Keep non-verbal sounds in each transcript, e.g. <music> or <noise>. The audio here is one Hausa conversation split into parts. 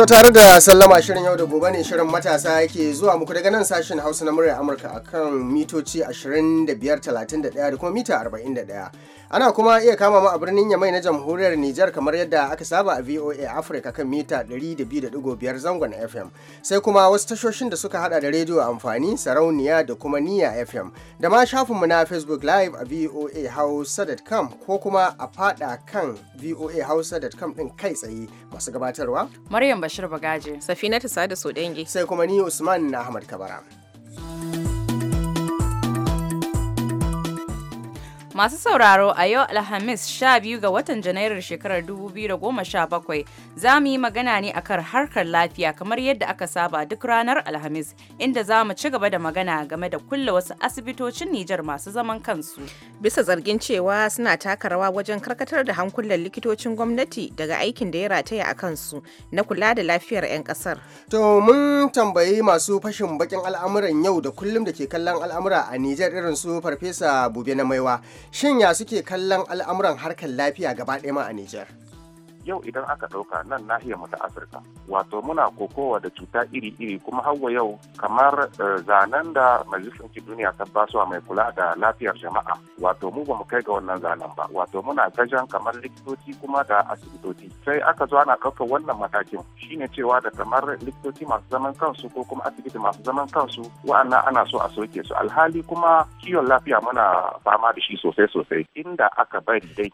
To tare da sallama shirin yau da gobe ne shirin matasa yake zuwa muku daga nan sashen Hausa na murya Amurka akan mitoci 25, 31 da kuma mita 41. Ana kuma iya kama mu a birnin Yamai na jamhuriyar Nijar kamar yadda aka saba a VOA Africa kan mita 102.5 zangon FM. Sai kuma wasu tashoshin da suka hada da rediyo amfani, sarauniya da kuma niya FM. Da ma shafinmu na Facebook Live a VOA Hausa.com ko kuma a fada kan VOA Hausa.com din kai tsaye masu gabatarwa. Maryam Bashir Bagaje. Safina Sada, da Dangi. Sai kuma ni Usman na Ahmad Kabara. Masu sauraro a yau Alhamis 12 ga watan Janairun shekarar 2017 za mu yi magana ne akan harkar lafiya kamar yadda aka saba duk ranar Alhamis inda za mu ci gaba da magana game da kulle wasu asibitocin Nijar masu zaman kansu. Bisa zargin cewa suna taka rawa wajen karkatar da hankulan likitocin gwamnati daga aikin da ya rataya a kansu na kula da lafiyar 'yan kasar. To mun tambayi masu fashin bakin al'amuran yau da kullum da ke kallon al'amura a Nijar irin su Farfesa Bube na Maiwa. shin ya suke kallon al'amuran harkar lafiya gaba ɗaya ma a Nijar? yau idan aka ɗauka nan nahiyar mu ta afirka wato muna kokowa da cuta iri-iri kuma hawa yau kamar eh, zanen da majalisar duniya ta mai kula da lafiyar jama'a wato mu ba mu kai ga wannan zanen ba wato muna gajan kamar likitoci kuma da asibitoci sai aka zo ana ɗaukar wannan matakin shine cewa da kamar likitoci masu zaman kansu ko kuma asibiti masu zaman kansu wa'annan ana so a soke su alhali kuma kiwon lafiya muna fama da shi sosai-sosai inda aka bari dai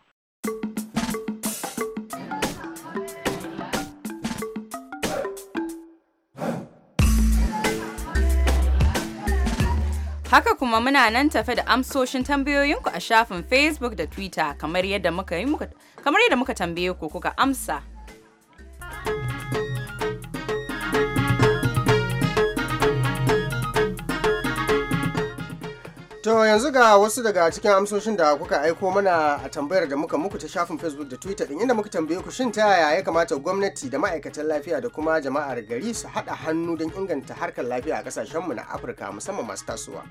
Haka kuma muna nan tafe da amsoshin tambayoyinku a shafin Facebook da Twitter kamar yadda muka, tambaye ku kuka amsa. To yanzu ga wasu daga cikin amsoshin da kuka aiko mana a tambayar da muka muku ta shafin Facebook da Twitter din inda muka tambaye ku shin ta yaya ya kamata gwamnati da ma'aikatan lafiya da kuma jama'ar gari su haɗa hannu don inganta harkar lafiya a kasashenmu na Afirka musamman masu tasowa.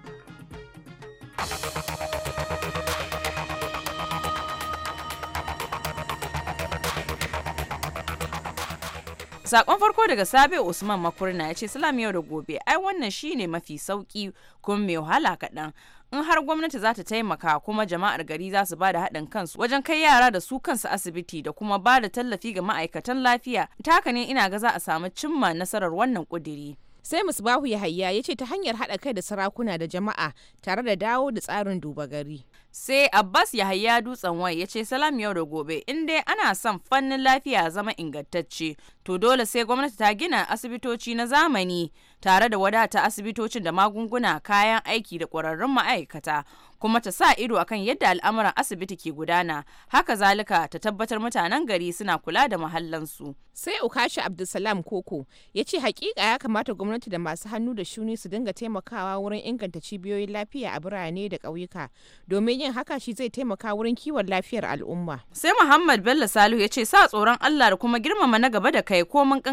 Sakon farko daga Sabe Usman Makurna ya ce Salam yau da gobe ai wannan shine mafi sauki kuma mai wahala kaɗan in har gwamnati za ta taimaka kuma jama'ar gari za su ba da haɗin kansu wajen kai yara da su kansu asibiti da kuma ba da tallafi ga ma'aikatan lafiya taka ne ina ga za a samu cimma nasarar wannan ƙudiri. sai musbahu yahaya ya ce ta hanyar haɗa kai da sarakuna da jama'a tare da dawo da tsarin duba gari sai abbas ya yahaya dutsen wai ya ce salam yau da gobe in dai ana son fannin lafiya zama ingantacce to dole sai gwamnati ta gina asibitoci na zamani tare da wadata asibitocin da magunguna kayan aiki da ƙwararrun ma'aikata kuma ta sa ido akan yadda al'amuran asibiti ke gudana haka zalika ta tabbatar mutanen gari suna kula da muhallansu. sai ukashi abdulsalam koko ya ce hakika ya kamata gwamnati da masu hannu da shuni su dinga taimakawa wurin inganta cibiyoyin lafiya a birane da ƙauyuka domin yin haka shi zai taimaka wurin kiwon lafiyar al'umma sai muhammad bello salihu ya ce sa tsoron allah da kuma girmama na gaba da kai ko kankantar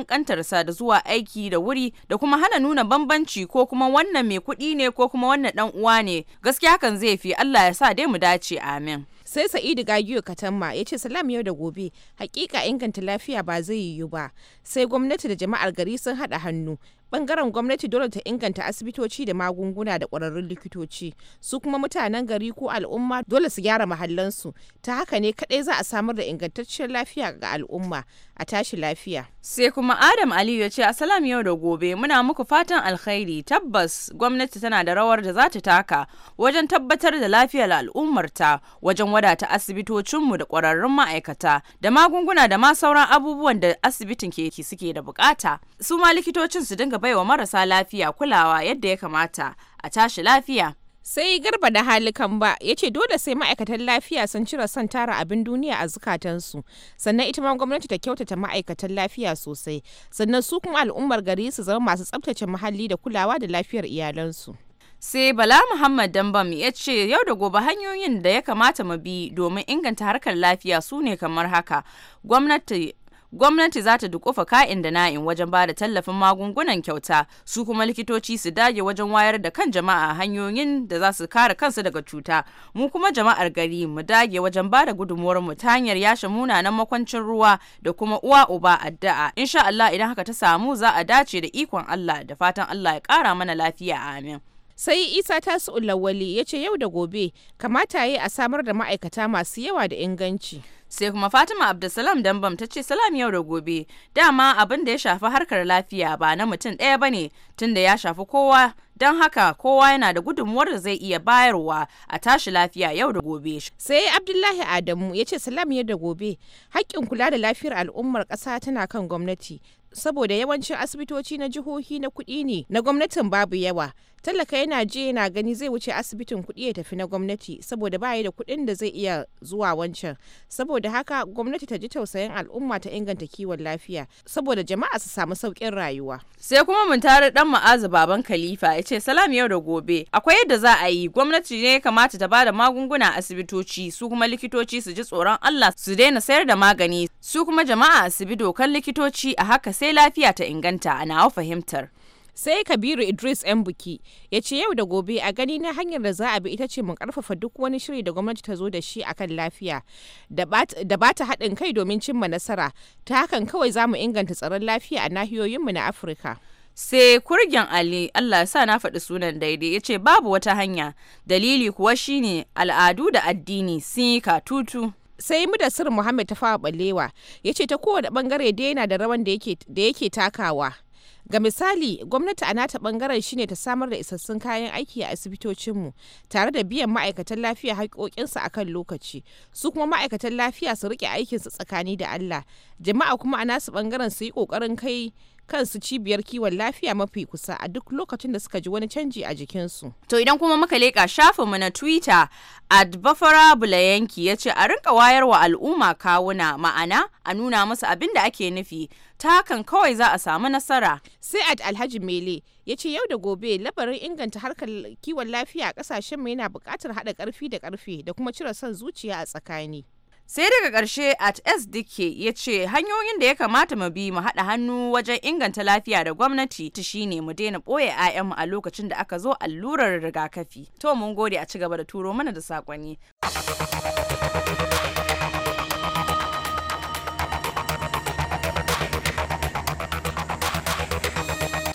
kankantarsa da zuwa aiki da wuri da kuma hana nuna bambanci ko kuma wannan mai kuɗi ne ko kuma wannan dan uwa ne gaskiya hakan zai laifi Allah ya sa dai mu dace amin. sai sa'idu gagiyo katamma ya ce salam yau da gobe hakika inganta lafiya ba zai yiwu ba sai gwamnati da jama'ar gari sun haɗa hannu bangaren gwamnati dole ta inganta asibitoci da magunguna da kwararrun likitoci su kuma mutanen gari ko al'umma dole su gyara mahallansu ta haka ne kadai za a samar da ingantacciyar lafiya ga al'umma a tashi lafiya sai kuma adam aliyu ya ce asalam yau da gobe muna muku fatan alkhairi tabbas gwamnati tana da rawar da za ta taka wajen tabbatar da lafiyar al'ummarta wajen wadata asibitocinmu da kwararrun ma'aikata da magunguna da ma sauran abubuwan da asibitin ke suke da bukata su ma likitocin su dinga baiwa marasa lafiya kulawa yadda ya kamata a tashi lafiya. sai garba da halikan ba ya ce dole sai ma'aikatan lafiya sun cire son tara abin duniya a zukatansu sannan ita ma gwamnati ta kyautata ma'aikatan lafiya sosai sannan su kuma al'ummar gari su zama masu tsabtace muhalli da kulawa da lafiyar iyalansu sai bala muhammad dambam ya ce yau da gobe hanyoyin da ya kamata mu bi domin inganta harkar lafiya su ne kamar haka gwamnati gwamnati za ta dukufa ka'in da na'in wajen ba da tallafin magungunan kyauta su kuma likitoci su dage wajen wayar da kan jama'a hanyoyin da za su kare kansu daga cuta mu kuma jama'ar gari mu dage wajen ba da gudunmuwar mu ta hanyar yashe munanan makwancin ruwa da kuma uwa uba addu'a insha Allah idan haka ta samu za a dace da ikon Allah da fatan Allah ya kara mana lafiya amin sai isa ta su ya ce yau da gobe kamata yi a samar da ma'aikata masu yawa da inganci sai kuma fatima abdulsalam dambam ta ce salam yau da gobe dama abin da ya shafi harkar lafiya ba na mutum ɗaya ba ne tunda ya shafi kowa don haka kowa yana da gudunmuwar da zai iya bayarwa a tashi lafiya yau da gobe sai abdullahi adamu ya ce salam yau da gobe haƙƙin kula da lafiyar al'ummar ƙasa tana kan gwamnati saboda yawancin asibitoci na jihohi na kuɗi ne na gwamnatin babu yawa talaka yana je yana gani zai wuce asibitin kuɗi ya tafi na gwamnati saboda ba da kuɗin da zai iya zuwa wancan saboda haka gwamnati ta ji tausayin al'umma ta inganta kiwon lafiya saboda jama'a su samu saukin rayuwa sai kuma mun tare dan ma'azu baban khalifa ya ce salam yau da gobe akwai yadda za a yi gwamnati ne ya kamata ta bada magunguna asibitoci su kuma likitoci su ji tsoron Allah su daina sayar da magani su kuma jama'a su bi dokan likitoci a haka sai lafiya ta inganta a nawa fahimtar. sai kabiru idris yan buki ya ce yau da gobe a gani na hanyar da za a bi ita ce mu karfafa duk wani shiri da gwamnati ta zo da shi akan lafiya da ba ta haɗin kai domin cimma nasara ta hakan kawai za mu inganta tsaron lafiya a nahiyoyinmu na afirka sai kurgin ali allah sa na faɗi sunan daidai ya ce babu wata hanya dalili kuwa shine al'adu da addini sun yi katutu sai mu da sir muhammad ta fawa balewa ya ce ta kowane bangare dai yana da rawan da yake takawa ga misali gwamnati a nata bangaren shine ta samar da isassun kayan aiki a asibitocinmu tare da biyan ma'aikatan lafiya haƙoƙinsu a kan lokaci su kuma ma'aikatan lafiya su riƙe aikinsu tsakani da allah jama'a kuma a nasu bangaren su yi ƙoƙarin kai kansu cibiyar kiwon lafiya mafi kusa a duk lokacin da suka ji wani canji a jikinsu. To idan kuma muka leƙa shafinmu na Twitter, Adbafara yanki ya ce a rinka wayar wa al'umma kawuna ma'ana a nuna musu abin da ake nufi ta hakan kawai za a samu nasara. Sai Ad Alhaji Mele ya ce yau da gobe labarin inganta harkar kiwon lafiya a ƙasashen mu yana buƙatar haɗa ƙarfi da ƙarfe da kuma cire son zuciya a tsakani. sai daga ƙarshe at s dike ya ce hanyoyin da ya kamata mu bi mu haɗa hannu wajen inganta lafiya da gwamnati ta shine mu daina ɓoye mu a lokacin da aka zo allurar rigakafi to mun gode a cigaba da turo mana da sakonni.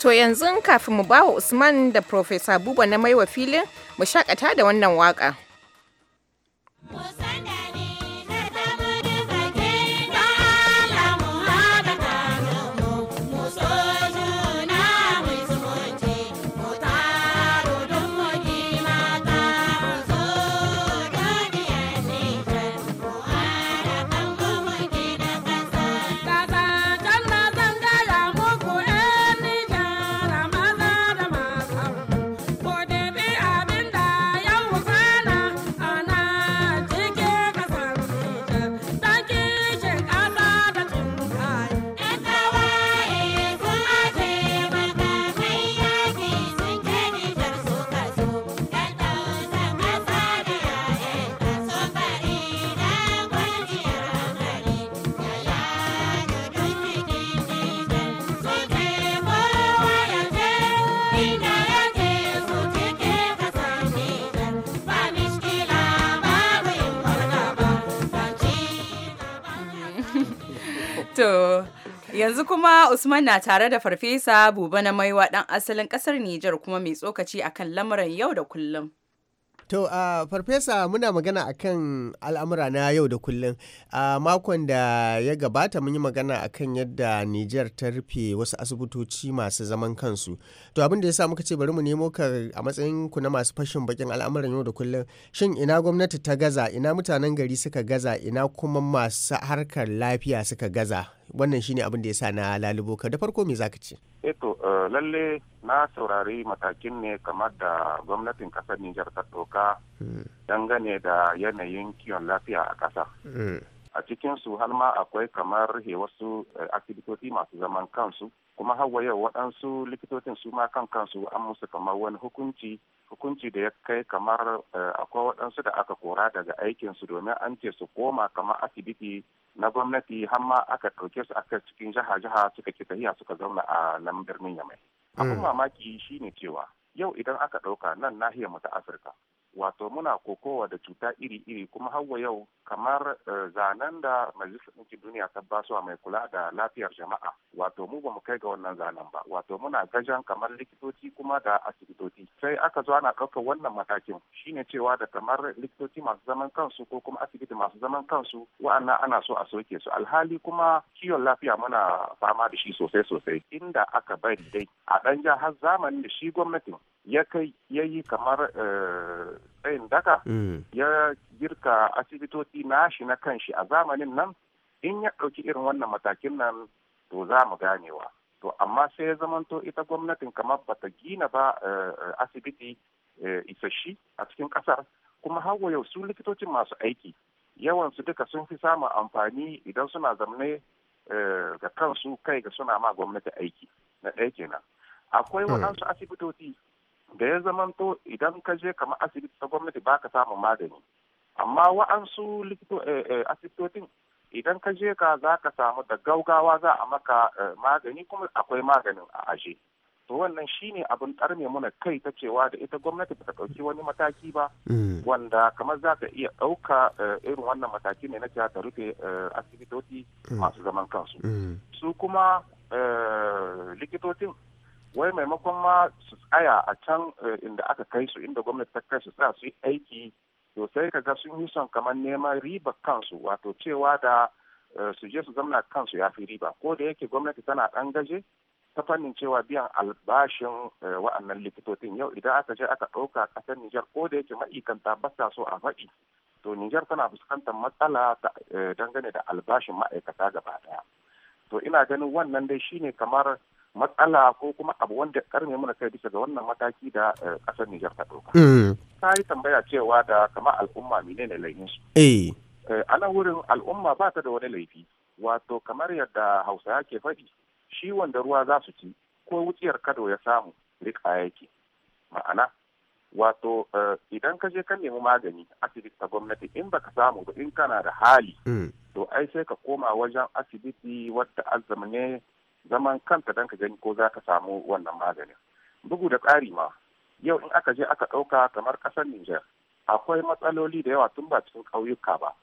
To yanzu kafin mu bawa Usman da Profesa Buba na maiwa filin mu shakata da wannan waka. Musanda. Yanzu kuma Usman na tare da Farfesa Buba na Maiwa ɗan asalin ƙasar Nijar kuma mai tsokaci akan lamuran yau da kullum. To, uh, Farfesa muna magana akan al'amura na yau da kullum. A makon da ya gabata mun yi magana akan yadda Nijar ta rufe wasu asibitoci masu zaman kansu. To, abin da ya sa muka ce bari mu nemo ka a matsayin ku na masu fashin bakin al'amuran yau da kullum. Shin ina gwamnati ta gaza, ina mutanen gari suka gaza, ina kuma masu harkar lafiya suka gaza. Wannan shine abin da ya sa na lalubo ka. Da farko me zaka ce? eto eh eh, lalle na saurari matakin ne kamar da gwamnatin kasar Nijar ta doka hmm. dangane da yanayin kiwon lafiya a ƙasa. Hmm. a cikinsu har ma akwai kamar he eh, wasu eh, asibitoci masu zaman kansu kuma hawa yau waɗansu likitocin su ma kan kansu an musu kamar wani hukunci hukunci da ya kai kamar eh, akwai waɗansu da aka kora daga aikinsu domin an ce su koma kamar asibiti na gwamnati har ma aka ɗauke su aka cikin jiha-jiha suka ke tafiya suka zauna a nan birnin yamai abin mm. mamaki shine cewa yau idan aka ɗauka nan nahiyar mu ta afirka wato muna kokowa da cuta iri-iri kuma hawa yau kamar eh, zanen da majalisar ɗinkin duniya ta mai kula da lafiyar jama'a wato mu ba mu kai ga wannan zanen ba wato muna gajan kamar likitoci kuma da asibitoci sai aka zo ana ɗaukar wannan matakin shine cewa da kamar likitoci masu zaman kansu ko kuma asibiti masu zaman kansu wa'annan ana so a soke su alhali kuma kiwon lafiya muna fama da shi sosai-sosai inda aka bari dai a ɗan ja har zamanin da shi gwamnatin ya kai ya yi kamar eh, tsayin daka mm. ya girka asibitoci nashi na kanshi a zamanin nan in ya ɗauki irin wannan matakin nan to za mu ganewa to amma sai ya zamanto ita gwamnatin kamar bata gina ba eh, asibiti eh, isashi a cikin ƙasar kuma har yau su likitocin masu aiki Yawansu duka sun fi samun amfani idan suna zamne ga kansu kai ga suna ma gwamnati aiki na ɗaya kenan akwai mm. waɗansu asibitoci da ya zamanto idan ka je kamar asibiti ta gwamnati ba ka samun magani amma wa'ansu eh, eh, asibitocin idan ka je ka za ka samu da gaugawa za a maka eh, magani kuma akwai maganin a ashe to wannan shine abin karme muna kai ta cewa da ita gwamnati ba ta ɗauki wani mataki ba mm. wanda kamar za ka iya ɗauka irin wannan mataki ne na ta rufe asibitoci mm. masu zaman kansu mm. su kuma likitocin wai maimakon ma su tsaya a can eh, inda aka kai su inda gwamnati ta kai su tsaya su yi aiki to sai ka ga sun yi son kamar neman riba kansu wato cewa da eh, su je su zamna kansu ya fi riba ko da yake gwamnati tana ɗan gaje ta fannin cewa biyan albashin eh, wa'annan likitocin yau idan aka je aka ɗauka ƙasar Nijar ko da yake ma'aikanta ba sa so a faɗi to Nijar tana fuskantar matsala dangane da albashin ma'aikata gaba ɗaya to ina ganin wannan dai shine kamar matsala ko kuma abu wanda karme mana kai bisa ga wannan mataki da eh, kasar Nijar ta ɗauka. Mm. Ta yi tambaya cewa da kama al'umma menene laifin su. Eh. Eh, a nan wurin al'umma ba ta da wani laifi wato kamar yadda Hausa ke faɗi shi wanda ruwa za su ci ko wuciyar kado ya samu rika yake ma'ana wato idan ka je ka nemi magani asibiti ta gwamnati in ka samu ba in kana da hali mm. to ai sai ka koma wajen asibiti wadda azzama ne zaman kanta don ka gani ko za ka samu wannan maganin bugu da ƙari ma yau in aka je aka ɗauka kamar ƙasar Nijar akwai matsaloli da yawa tun ba cikin ƙauyuka ba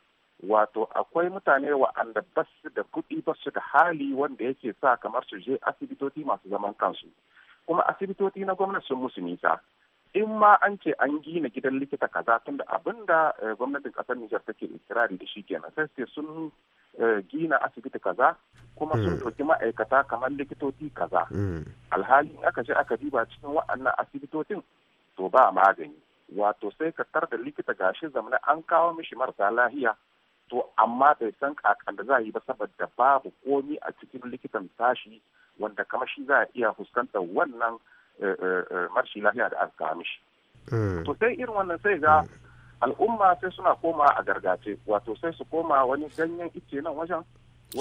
wato akwai mutane wa'anda ba su da kuɗi ba su da hali wanda yake sa kamar su je asibitoci masu zaman kansu kuma asibitoci na gwamnati sun musu nisa in ma an ce an gina gidan likita kaza tunda abin da eh, gwamnatin ƙasar Nijar take ikirari da shi kenan sai sun eh, gina asibiti kaza kuma sun hmm. ɗauki ma'aikata kamar likitoci kaza hmm. alhali aka je aka diba cikin wa'annan asibitocin to ba magani wato sai ka tar da likita gashi zamana an kawo mishi marasa lahiya to amma bai san kakan da za yi ba saboda babu komi a cikin likitan sashi wanda kamar shi za a iya fuskantar wannan eh, eh, eh, marshi lahiya da aka kawo mishi hmm. to sai irin wannan sai ga al'umma sai suna koma a gargace wato sai su koma wani ganyen ice nan wajen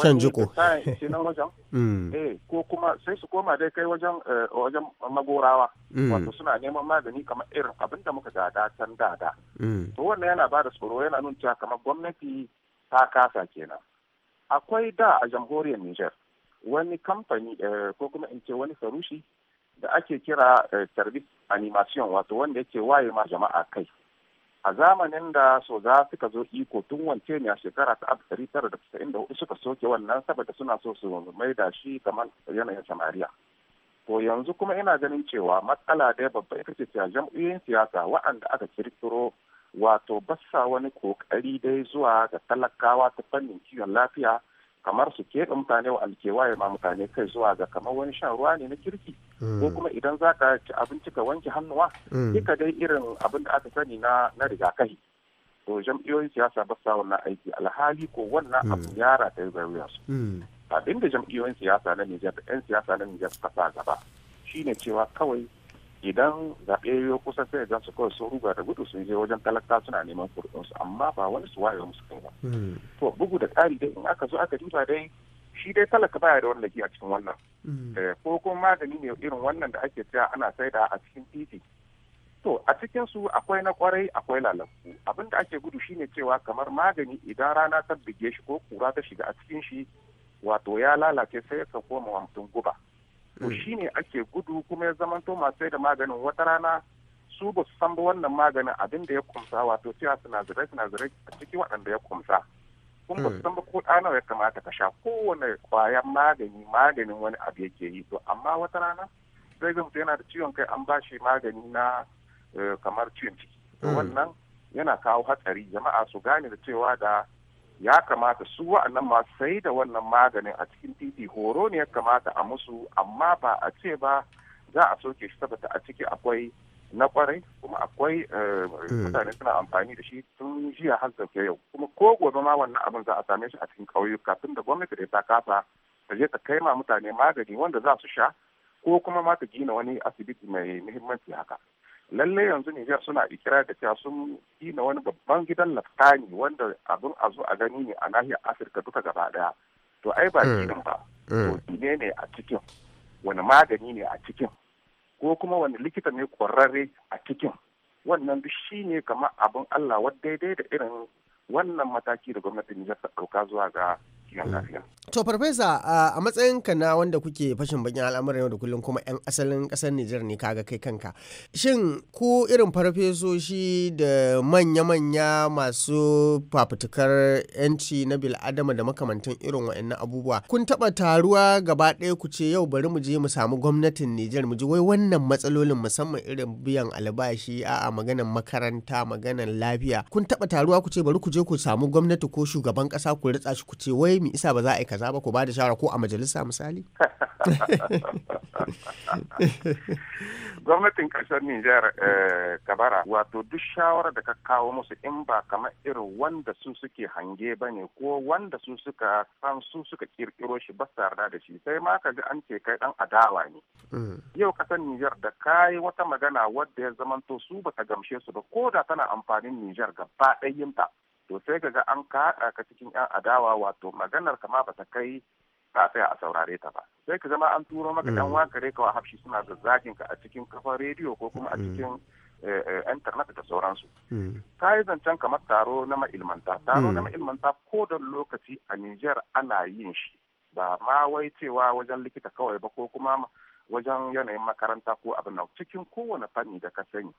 shan jiko wajen <laughs> mm. eh, ko kuma sai su koma dai kai wajen eh, wajen magorawa mm. wato suna neman magani kamar irin abin da muka gada can dada mm. to wannan yana ba da tsoro yana nuna cewa kamar gwamnati ta kasa kenan akwai da a jamhuriyar Niger wani kamfani eh, ko kuma in ce wani farushi da ake kira service animation wato wanda yake waye ma jama'a kai a zamanin da za suka zo iko tun wance ne a shekara ta abu tara da tasa'in da hudu suka soke wannan saboda suna so su mai da shi kamar yanayin samariya to yanzu kuma ina ganin cewa matsala da babba ita ce jam'iyyun siyasa waɗanda aka kirkiro wato basa wani kokari dai zuwa ga talakawa ta fannin kiwon lafiya kamar su keɓe mutane wa alkewaye ma mutane kai zuwa ga kamar wani shan ruwa ne na kirki ko mm. kuma idan za ka ci abinci ka wanke hannuwa mm. duka dai irin abin da aka sani na na rigakafi to jam'iyoyin siyasa ba sa wannan aiki alhali ko wannan mm. abu ya rata ga su abin da siyasa na Nijar da 'yan siyasa na Nijar suka sa gaba shine cewa kawai idan zaɓe ya kusa sai ga su kawai sun ruga da gudu sun je wajen talaka suna neman kurɗinsu amma ba wani su waye musu kai ba hmm. to bugu da ƙari dai in aka zo aka duba dai shi dai talaka baya da wallaki a cikin wannan hmm. eh, ko kuma magani ne irin wannan da ake cewa ana saida a cikin titi to a cikin su akwai na kwarai akwai lalaku abin da ake gudu shine cewa kamar magani idan rana ta bige shi ko kura ta shiga a cikin shi wato ya lalace sai ya koma wa mutum guba to hmm. ne ake gudu kuma ya zamanto masu da maganin wata rana su ba su san ba wannan maganin abin da ya kumsa wato cewa sinadarai sinadarai a cikin waɗanda ya kumsa kun ba su hmm. san ba ko ɗana ya kamata ka sha kowane kwayan magani maganin wani abu yake yi to amma wata rana zai ga mutum yana da ciwon kai an ba shi magani na eh, kamar ciwon ciki to hmm. wannan yana kawo hatsari jama'a su gane da cewa da ya kamata su wa'annan masu sai da wannan maganin a cikin titi horo ne ya kamata a musu amma ba a ce ba za a soke shi saboda a ciki akwai na kwarai kuma akwai eh, mutane suna amfani da shi tun jiya har da yau kuma ko gobe ma wannan abin za a same shi a cikin ƙauyuka tun da gwamnati da ta kasa ta je ta kai ma mutane magani wanda za su sha ko kuma ma ta gina wani asibiti mai muhimmanci haka lalle yanzu Nijar suna ikira da cewa sun gina wani babban gidan laftani wanda abin a zo a gani ne a nahiyar Afirka duka gaba daya. To ai ba eh, gidan ba. Eh. To ne ne a cikin wani magani ne a cikin ko kuma wani likita ne kwararre a cikin wannan duk shi ne kamar abin Allah wadda daidai da irin wannan mataki da gwamnatin Nijar ta ɗauka zuwa ga lafiya. To farfesa a matsayinka na wanda kuke fashin bakin al'amuran yau da kullum kuma 'yan asalin ƙasar Nijar ne kaga kai kanka. Shin ku irin farfesoshi da manya-manya masu fafutukar 'yanci na bil'adama da makamantan irin wa'annan abubuwa kun taba taruwa gaba ɗaya ku ce yau bari mu je mu samu gwamnatin Nijar mu ji wai wannan matsalolin musamman irin biyan albashi a'a maganan makaranta maganan lafiya kun taɓa taruwa ku ce bari ku je ku samu gwamnati ko shugaban ƙasa ku ritsa shi ku ce wai me isa ba za a yi kaza ba ku ba da shawara ko a majalisa misali gwamnatin kasar Nijar eh, kabara wato duk shawarar da ka kawo musu in ba kamar irin wanda su suke hange ba ne ko wanda su suka san su suka kirkiro shi ba sarda da shi sai ma ka ji an ce kai dan adawa ne mm. yau kasar Nijar da kayi wata magana wadda ya zamanto su ba ta gamshe su ba ko da tana amfanin Nijar gaba ta. to sai ka ga an kaɗa ka cikin 'yan adawa wato maganar kama ba ta kai ka tsaya a saurare ta ba sai ka zama an turo maka dan mm. wakare kawai hafshi suna zazzagin ka a cikin kafar rediyo ko kuma a mm. cikin eh, eh, internet da sauransu ta mm. yi zancen kamar taro na ma'ilmanta taro na ma'ilmanta ko da lokaci a niger ana yin shi ba ma wai cewa wajen likita kawai ba ko kuma wajen yanayin makaranta ko abin nan cikin kowane fanni da ka sani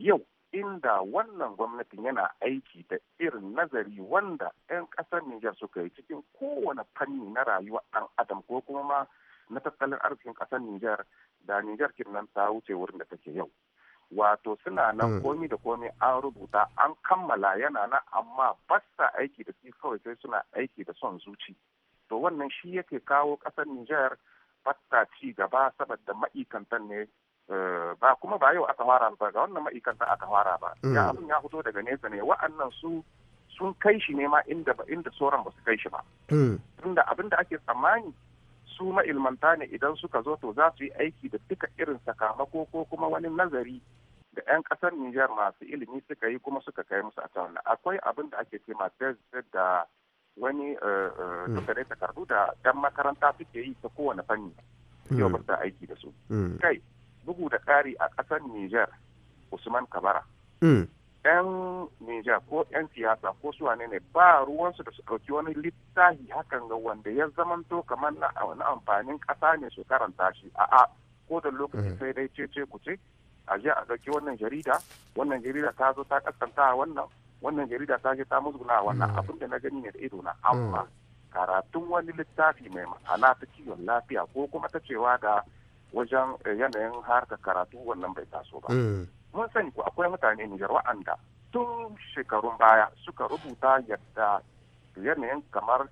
yau inda wannan gwamnatin yana aiki da irin nazari wanda 'yan ƙasar Nijar suka yi cikin kowane fanni na rayuwa ɗan adam ko kuma ma na tattalin arzikin ƙasar Nijar da Nijar nan ta wuce wurin da take yau. Wato suna nan hmm. komi da komi an rubuta an kammala yana nan amma ba sa aiki da su kawai sai suna aiki da son zuci. To wannan shi yake kawo ƙasar Nijar batta ci gaba saboda ma'ikantan ne Eh, ba kuma ba yau aka fara ba ga wannan ma'aikata aka fara ba ya mm. abin ya fito daga nesa ne wa'annan su sun kai shi ne ma inda ba inda sauran ba su kai shi ba mm. tunda abin da ake tsammani su ma'ilmanta ne idan suka zo to za su yi aiki da duka irin sakamako ko kuma wani nazari da 'yan kasar Nijar masu ilimi suka yi kuma suka kai musu a can akwai abin da ake ce da wani eh, eh, mm. dukkanin takardu da 'yan makaranta suke yi ta kowane fanni yau ba aiki da su kai bugu da ƙari a ƙasar Nijar Usman Kabara. Mm. ‘Yan Nijar ko ‘yan siyasa ko su ne ba ruwansu da su ɗauki wani littafi hakan ga wanda ya zamanto kamar na amfanin ƙasa ne su karanta shi a'a ko da lokaci mm. sai dai cece ku ce a je a ɗauki wannan jarida wannan jarida ta zo ta kaskanta wannan wannan jarida ta je ta musguna wannan mm. abin da na gani ne da ido na amma karatun wani littafi mai ma'ana ta kiwon lafiya ko kuma ta cewa da wajen eh, yanayin harka karatu wannan bai taso ba mm. mun sani ku akwai mutane nijar wa'anda tun shekarun baya suka rubuta yadda yanayin kamar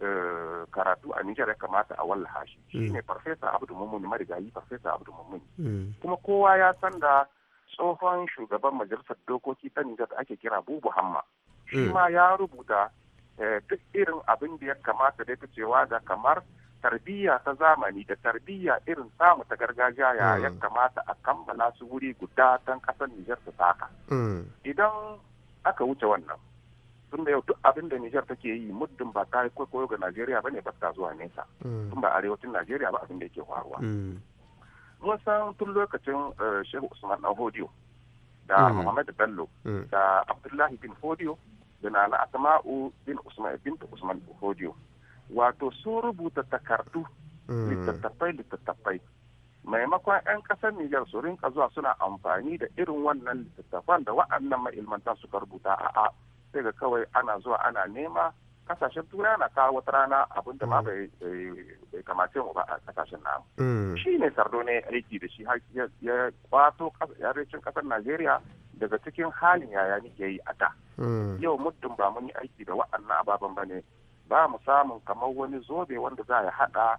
eh, karatu a Nijar ya kamata a wallaha shi mm. ne farfesa Abdu Mummuni marigayi farfesa Abdu Mummuni mm. kuma kowa ya san da tsohon shugaban majalisar dokoki ta Nijar da ake kira Bubu Hamma shi ma ya rubuta eh, duk irin abin da ya kamata da ta cewa da kamar tarbiyya ta zamani da tarbiyya irin samu ta gargajiya ya hmm. ya kamata a kammala su wuri guda don kasar Nijar ta saka. Hmm. Idan aka wuce wannan, tun da yau duk abin da Nijar take yi muddin ba ta yi kwaikwayo ga Najeriya ba ne ba ta zuwa nesa. Hmm. Tun ba arewacin Najeriya ba abin da yake faruwa. Mun san tun lokacin eh, Shehu Usman Ahodiyo da Muhammad Bello da Abdullahi bin Hodiyo da Nana Asma'u bin Usman bin Usman Hodiyo. wato sun rubuta takardu mm. littattafai littattafai maimakon 'yan kasar Nijar su rinka zuwa suna amfani da irin wannan littattafan da wa'annan ma'ilmantan suka rubuta a'a sai ga kawai ana zuwa ana nema kasashen turai na kawo wata rana abin da ma mm. bai kamace mu ba a kasashen namu mm. shi ne sardo ne aiki da shi ya kwato kasar najeriya daga cikin halin yaya nike yi a da yau muddin ba mun yi aiki da wa'annan ababen ba ne ba mu samun kamar wani zobe wanda za a haɗa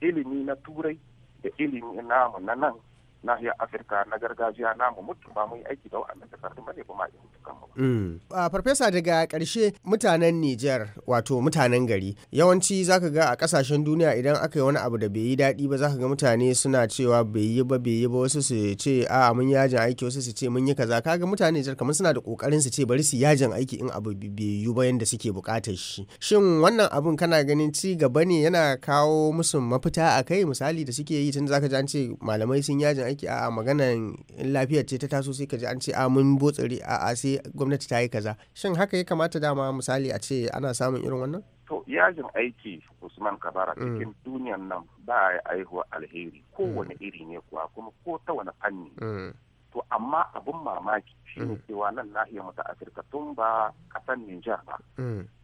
ilimi na turai da ilimi namu na nan nahiyar afirka na gargajiya namu mutum ba mun yi aiki da wa'annan takardun bane ba ma yi mutukan mu. Mm. farfesa daga karshe mutanen niger wato mutanen gari yawanci zaka ga a kasashen duniya idan aka yi wani abu da bai yi daɗi ba zaka ga mutane suna cewa bai yi ba bai yi ba wasu su ce a mun yajin aiki wasu su ce mun yi kaza kaga mutane niger kamar suna da kokarin su ce bari su yajin aiki in abu bai yi ba yanda suke bukatar shi shin wannan abun kana ganin ci gaba ne yana kawo musu mafita a kai misali da suke yi tun zaka ji an ce malamai sun yajin aiki a'a maganan lafiyar ce ta taso sai ka ji an ce a mun botsari a sai gwamnati ta yi kaza shin haka ya kamata dama misali a ce ana samun irin wannan to yajin aiki usman kabara mm. cikin duniyan nan ba ya aihuwa alheri mm. kowane iri ne kuwa kuma ko ta wani fanni mm. to amma abun mamaki shine cewa nan nahiyar mu ta afirka tun ba kasan nijar ba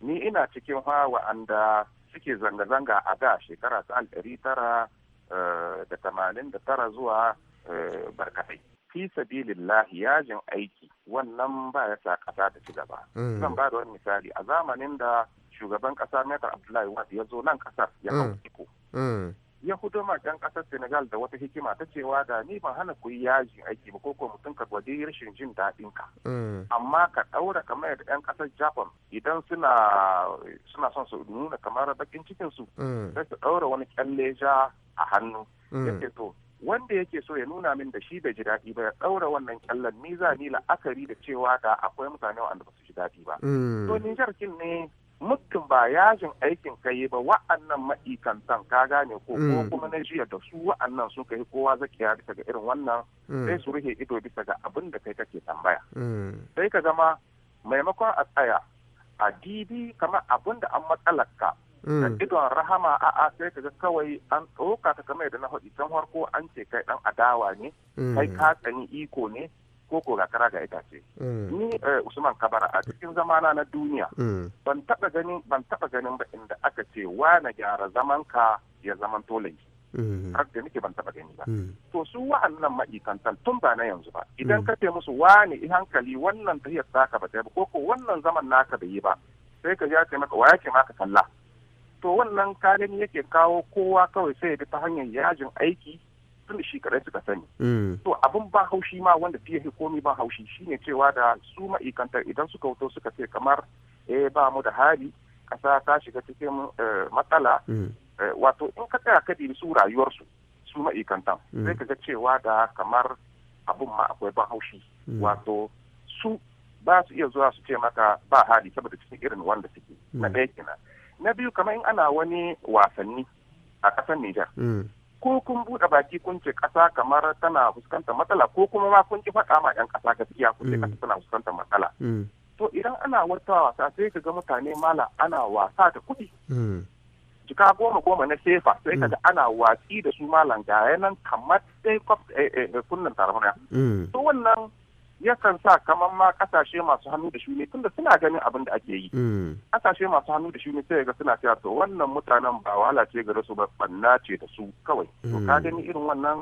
ni ina cikin wa'anda suke zanga-zanga a da shekara ta alɗari tara eh, da tamanin da tara zuwa Eh, barkatai fi sabilillahi yajin aiki wannan ba ya sa kasa ta ci gaba mm. zan ba da wani misali a zamanin da shugaban ƙasa Metar Abdullahi wad ya zo nan kasar ya kawo mm. iko mm. ya hudu ɗan ƙasar Senegal da wata hikima ta cewa da ni ban hana ku yajin aiki ba ko ko mutum ka gwaje rashin jin daɗin ka amma ka ɗaura kamar yadda ɗan ƙasar Japan idan suna suna son su nuna kamar bakin cikin su sai su ɗaura wani kyalle ja a hannu yake to wanda yake so ya nuna min da shi da ji daɗi ba ya ɗaura wannan kyallan ni za ni la'akari da cewa da akwai mutane wanda ba su ji daɗi ba. Mm. To Nijar kin ne mutum ba yajin aikin kai ba wa'annan ma'ikantan ka gane ko mm. kuma na jiya da su wa'annan sun kai kowa zakiya bisa ga irin wannan mm. sai su rufe ido bisa ga abin da kai kake tambaya. Sai ka zama maimakon a tsaya a dibi kamar abin da an matsalar ka da mm. idon rahama a'a sai ka ga kawai an tsoka ka kamar da na faɗi can farko an ce kai dan adawa ne mm. kai ka tsani iko ne ko ko kara ga itace mm. ni eh, usman kabara a cikin zamana na duniya ban taɓa ganin ban taɓa ganin ba inda aka ce wa na gyara zaman ka ya zaman tolayi har da nake ban taɓa gani ba to su wa'annan ma'aikatan tun ba na yanzu ba idan ka ce musu wani in hankali wannan tahiyar taka ba ta ba ko ko wannan zaman naka bai yi ba sai ka ja ce maka waya ce maka sallah to wannan karin yake kawo kowa kawai sai da ta hanyar yajin aiki tun shi kadai suka sani mm. to abin ba haushi ma wanda fiye komi ba haushi shine cewa da su ma'aikantar idan suka wuto suka ce kamar eh ba mu da hali kasa ta shiga cikin eh, matsala mm. eh, wato in ka tsaya ka su rayuwarsu su ma'aikantan mm. sai ka ga cewa da kamar abun ma akwai ba haushi wato su ba su iya zuwa su ce maka ba hali saboda cikin irin wanda suke na ɗaya kenan na biyu kamar in ana wani wasanni a ƙasar Nijar. Mm. Ko kun buɗe baki kun ce ƙasa kamar tana fuskantar matsala ko kuma ma kun ki faɗa ma 'yan ƙasa gaskiya kun ce mm. ƙasa tana fuskantar matsala. Mm. To idan ana wata wasa sai ka ga mutane mala ana wasa da kuɗi. Jika goma goma na sefa sai ka ga ana watsi da su malam ga nan kamar sai eh, eh, kunnan taramuna. To wannan yakan sa kamar ma kasashe masu hannu da shuni tunda suna ganin abin da ake yi mm. kasashe masu hannu da shuni sai ga suna cewa to wannan mutanen ba wahala ce gare su ba banna ce da su kawai to ka mm. gani irin wannan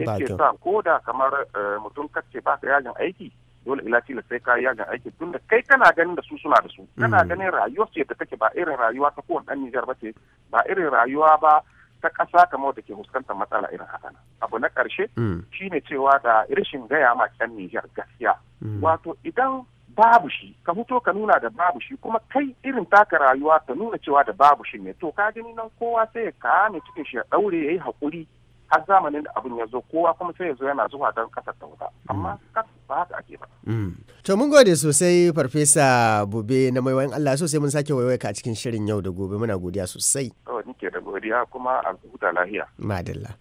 yake sa ko da kamar eh, mutum kace ka yajin aiki dole ila tila sai ka yajin aiki tunda kai kana ganin da su suna da su kana mm. ganin rayuwar ce da take ba irin rayuwa ta kowane dan Nijar ba ce ba irin rayuwa ba wata ƙasa kamar da ke fuskantar matsala irin haka nan abu na ƙarshe mm. shine cewa da rashin gaya ma kyan Nijar gaskiya mm. wato idan babu shi ka fito ka nuna da babu shi kuma kai irin taka rayuwa ta nuna cewa da babu shi ne to ka gani nan kowa sai ya kame cikin shi ya daure yayi haƙuri har zamanin da abin ya zo kowa kuma sai ya zo yana zuwa don ƙasar ta wuta amma mm. ba mm. To mun gode sosai Farfesa Bube na maiwayin Allah sosai mun sake waiwai ka cikin shirin yau da gobe muna godiya sosai. Oh, nike da godiya kuma a huta lahiya. Madalla.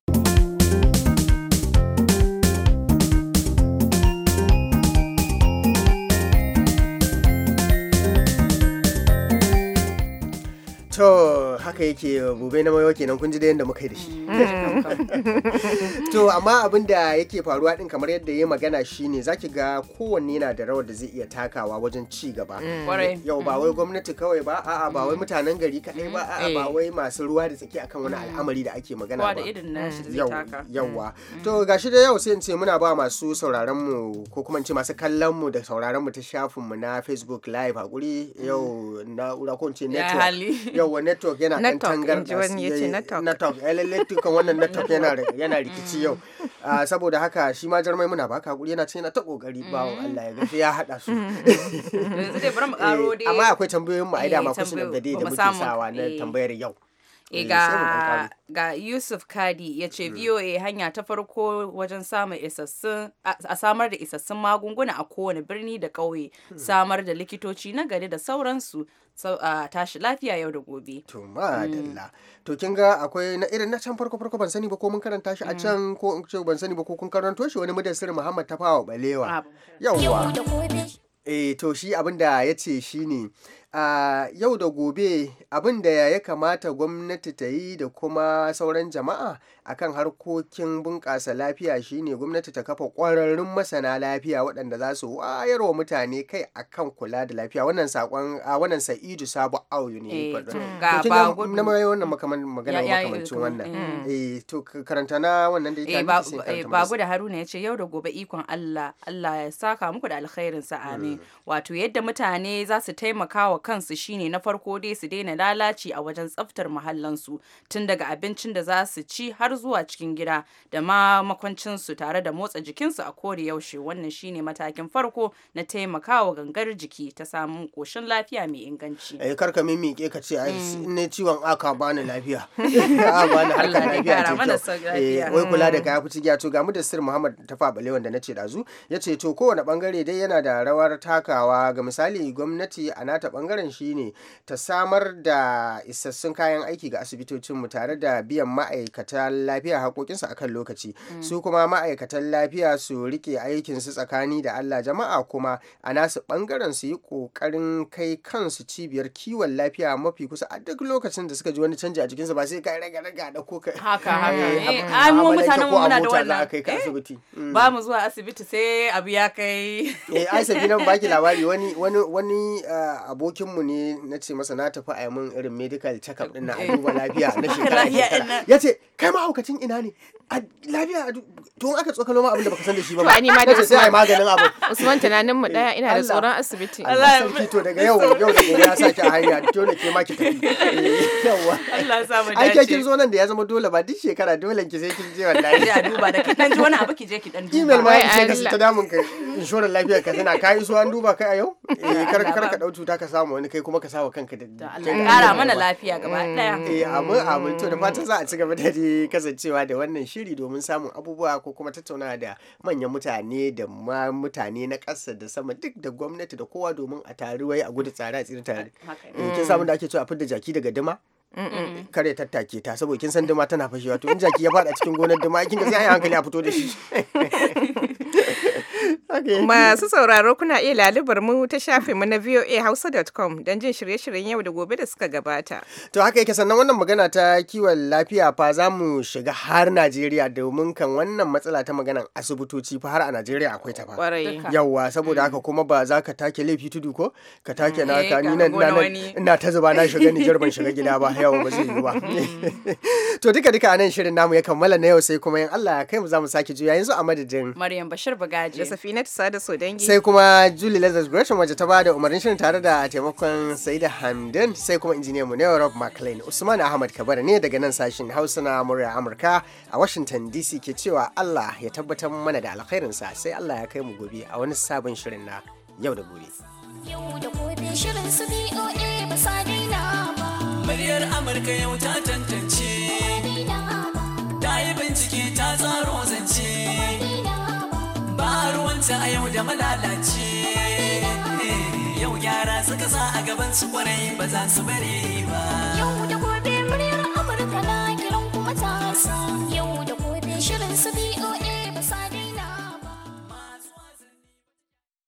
To haka yake gobe na mayo kenan kun ji da yadda muka yi da shi. Mm. <laughs> To amma abin da yake faruwa din kamar yadda ya magana shi za zaki ga kowanne na da rawar da zai iya takawa wajen ci gaba. Mm. Yau ba wai mm. gwamnati kawai ba a'a ba wai mutanen gari kadai ba a'a ba eh. wai masu ruwa da tsaki akan wani al'amari da ake magana ba. Yauwa. To gashi da yau sai in ce muna ba masu sauraron mu ko kuma in ce masu kallon mu da sauraron mu ta shafin mu na Facebook live hakuri yau na'ura ko in ce network. yawa network yana kan tangar network electric eh, wannan network yana rikici yau <laughs> ah, saboda haka shi ma jarmai muna baka hakuri yana cin ta kokari ba mm. Allah ya gafi ya hada su <laughs> eh, amma akwai tambayoyin mu aida ma eh, kusa da dai da muke sawa na tambayar yau e ga, ga yusuf kadi ya ce mm. voa hanya ta farko wajen samun isassun a samar da isassun magunguna a kowane birni da ƙauye hmm. samar da likitoci na gari da sauransu so, uh, tashi lafiya yau da gobe. To mm. madalla. To kin ga akwai na irin na can farko farko ban sani ba ko mun karanta shi a mm. can ko in ce ban sani ba ko kun karanto shi wani mudassir Muhammad Tafawa Balewa. Ah, Yawwa. Eh to shi abinda ya ce shine a yau da gobe abin da ya kamata gwamnati ta yi da kuma sauran jama'a akan harkokin bunƙasa lafiya shine gwamnati ta kafa ƙwararrun masana lafiya waɗanda za su wayar wa mutane kai akan kula da lafiya wannan sakon a wannan sa'idu sabu auyu ne eh, ga ba na mai wannan makaman magana makamancin wannan mm. eh to karanta na wannan da ita eh, ba gudu eh, haruna yace yau da gobe ikon Allah Allah ya saka muku da alkhairin sa amin mm. wato yadda mutane za su taimaka wa kansu shine na farko dai su daina lalaci a wajen tsaftar muhallansu tun daga abincin da za su ci har zuwa cikin gida da ma makwancinsu tare da motsa jikinsu a kori yaushe wannan shine matakin farko na taimakawa gangar jiki ta samun koshin lafiya mai inganci. Eh kar ka mimike ka ce ai mm. ne ciwon aka bani lafiya. <laughs> A bani harkar lafiya ce Eh wai kula da mm. kaya fici to ga mu da Sir Muhammad Tafa Balewan da nace dazu yace to kowane bangare dai yana da rawar takawa ga misali gwamnati a nata bangare shi ne ta samar da isassun kayan aiki ga asibitocinmu tare da biyan ma'aikatan lafiya haƙoƙinsu akan lokaci mm. su kuma ma'aikatan lafiya su rike aikinsu tsakani da allah jama'a kuma a nasu bangaren su yi ƙoƙarin kai kansu cibiyar kiwon lafiya mafi kusa a duk lokacin da suka ji wani canji a jikinsu ba sai ka raga raga da ko ka haka haka eh, eh, mu mutanen mu muna da wannan eh, mm. ba mu zuwa asibiti sai abu ya kai eh ai sabi baki labari wani wani wani aboki abokinmu ne na ce masa na tafi a min irin medical check-up din na <laughs> duba lafiya na <laughs> shekara ya ce kai ma aukacin ina ne a lafiya to aka tsokalo ma abinda baka san da shi ba ba ni ma da sai ai maganin abu Usman tunanin mu daya ina da tsoron asibiti Allah daga <laughs> yau da gobe ya saki a hanya to ke ma ki eh, yawa Allah ya dace da ya zama dole ba duk shekara dole ki sai kin a duba da kin wani abu ki je ki dan duba email ma ta damun kai inshorar lafiya ka tana ka iso an duba kai a yau eh, eh kar kar ka dau cuta ka samu wani kai kuma ka sawa kanka da kara mana lafiya gaba daya mm. eh amma amma to da fatan za a ci gaba da kasancewa da wannan shiri domin samun abubuwa ko kuma tattaunawa da manyan mutane da ma mutane na ƙasa da sama duk da gwamnati da kowa domin a wai a gudu tsare a tsira tare eh, kin samu da ake cewa a fidda jaki daga dima eh, kare tattake ta saboda kin san dima tana fashewa to in jaki ya fada cikin gonar dima kin ga sai hankali a fito da shi <laughs> Masu sauraro kuna iya lalubar mu ta mu na Hausa.com don jin shirye-shiryen yau da gobe da suka gabata. To haka yake sannan wannan magana ta kiwon lafiya fa za mu shiga har Najeriya domin kan wannan matsala ta maganan asibitoci fa har a Najeriya akwai ta fa. Yawwa saboda mm. haka kuma ba za ka take laifi tudu ko ka take mm. na ka eh, ni ina ta zuba na shiga Nijar ban shiga gida ba yawa ba zai yi ba. Mm. <laughs> To duka duka anan shirin namu ya kammala na yau sai kuma in Allah ya kai mu za mu sake juya yanzu a madadin. Maryam Bashir Bagaji. Sa'adinatu Sada Sodangi. Sai kuma Julie Lazarus Gresham wajen ta da umarnin shirin tare da taimakon Saida Hamdin sai kuma injiniyan mu ne Rob McLean. Usman Ahmad kabar ne daga nan sashen Hausa na murya Amurka a Washington DC ke cewa Allah ya tabbatar mana da alkhairinsa sai Allah ya kai mu gobe a wani sabon shirin na yau da gobe. Yau da gobe shirin su BOA ba sa daina ba. Muryar Amurka yau ta tantance. Ta yi bincike ta tsaro zance. ba ruwanta a yau da malalace yau gyara suka sa a gaban su kwarai ba za su bari ba yau da gobe muryar amurka na kiran kuma ta sa